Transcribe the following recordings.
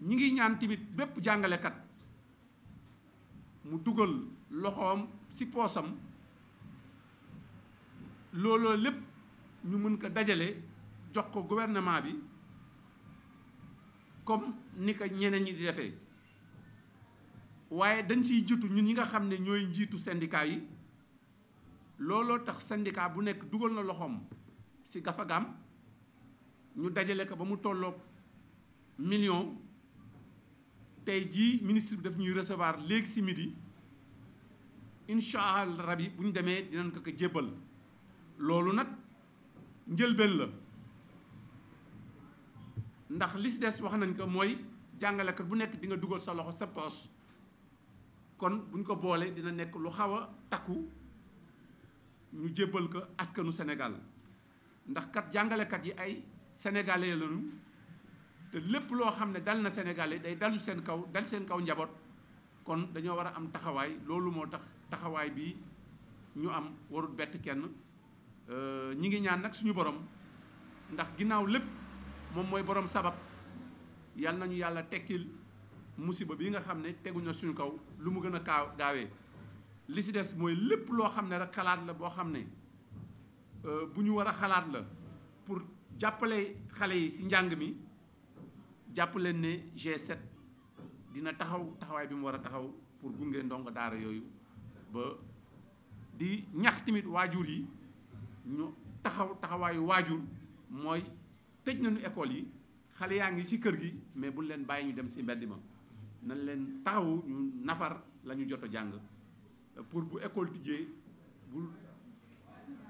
ñi ngi ñaan tamit bépp jàngalekat mu dugal loxoom si poosam looloo lépp ñu mën ko dajale jox ko gouvernement bi comme ni ko ñeneen ñi di defee waaye dañ siy jiitu ñu ñi nga xam ne ñooy njiitu syndicat yi looloo tax sendikaa bu nekk dugal na loxoom si gafagaam ñu dajale ko ba mu tollook million tey jii ministre bi daf ñuy recevoir léegi si midi incha allah bu ñu demee dinañ ko ko jébbal loolu nag njëlbeen la ndax li si des wax nañ ko mooy jàngalekat bu nekk di nga dugal sa loxo sa poos kon buñ ko boolee dina nekk lu xaw a takku ñu jébbal ko askanu senegal ndax kat jàngalekat yi ay sénégalais te lépp loo xam ne dal na Sénégal yi day dalu seen kaw dal seen kaw njaboot kon dañoo war a am taxawaay loolu moo tax taxawaay bii ñu am warul bett kenn euh, ñi ngi ñaan nag suñu borom ndax ginnaaw lépp moom mooy borom sabab yal nañu yàlla tekkil musiba bi nga xam ne teguñu suñu kaw lu mu gën a kaaw gaawee li si des mooy lépp loo xam ne rek xalaat la boo xam ne euh, bu ñu war a xalaat la pour jàppale xale yi si njàng mi jàpp ne G7 dina taxaw taxaway bi mu wara a taxaw pour gungé ndong daara yoyu ba di ñax timit wajur yi ñu taxaw taxaway wajur moy tejj nañu école yi xale yaangi ci kër gi mais buñ leen bayyi ñu dem ci mbéddi ma nañ leen taxaw ñu nafar la jotto jang pour bu école tijjee bu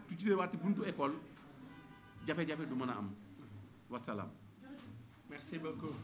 tijjee waati buntu école jafe-jafe du mëna am wassalam. Merci beaucoup.